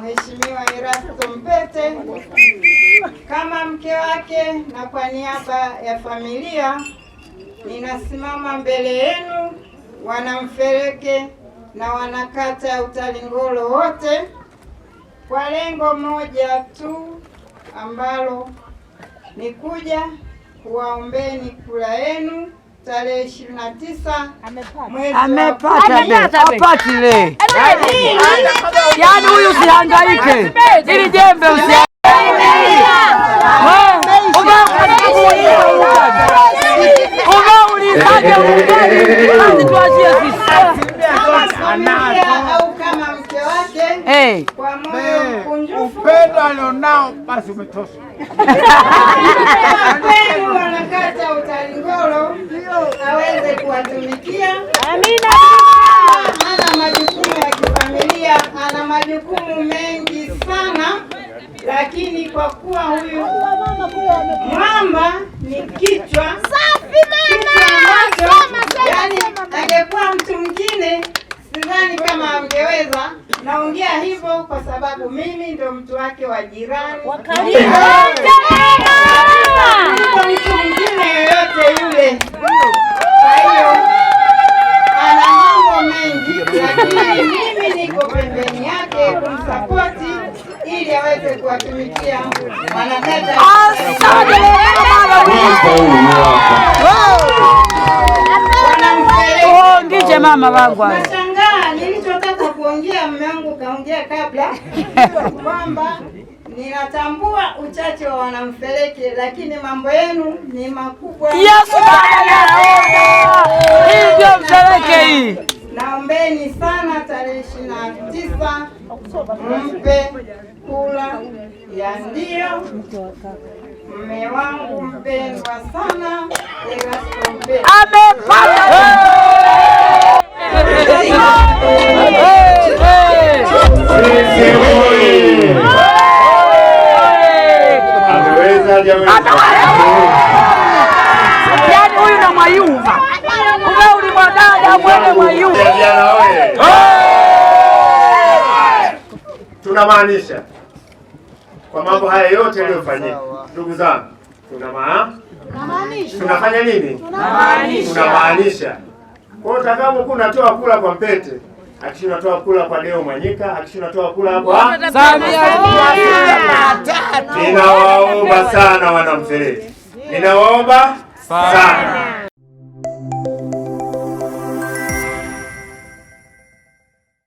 Mheshimiwa Erasto Mpete kama mke wake na kwa niaba ya familia ninasimama mbele yenu wanamfereke na wanakata ya Utalingolo wote kwa lengo moja tu ambalo ni kuja kuwaombeni kura yenu tarehe ishirini na Yani huyu usihangaike, ili jembe upendo alionao basi umetosha kuwatumikia. Amina. Ana majukumu ya kifamilia, ana majukumu mengi sana, lakini kwa kuwa huyu mama ni kichwa mama yani angekuwa mtu mwingine sidhani kama angeweza. Naongea hivyo kwa sababu mimi ndo mtu wake wa jirani. mimi niko pembeni yake kumsapoti ili aweze kuwatumikia wanakata. Ongije mama wangu. Nashangaa nilichotaka kuongea, mume wangu kaongea kabla kwamba ninatambua uchache wa wanamfereke lakini mambo yenu ni makubwa. Yesu Baba, hii mfereke hii naombeni sana tarehe ishirini na tisa mpe kula ya ndio mme wangu mpendwa sana Erasto Tunamaanisha kwa mambo haya yote yaliyofanyika, ndugu zangu, tunafanya nini? Tunamaanisha. Kwa hiyo utakapokuwa unatoa kula kwa Mpete, hakikisha natoa kula kwa Deo Mwanyika, hakikisha unatoa kula kwa Samia. Ninawaomba sana wana ninawaomba sana